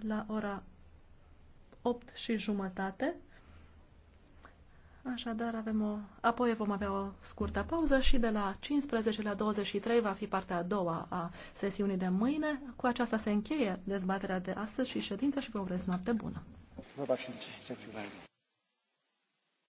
la ora 8 și jumătate. Așadar, avem o... apoi vom avea o scurtă pauză și de la 15 la 23 va fi partea a doua a sesiunii de mâine. Cu aceasta se încheie dezbaterea de astăzi și ședința și vă urez noapte bună. Vă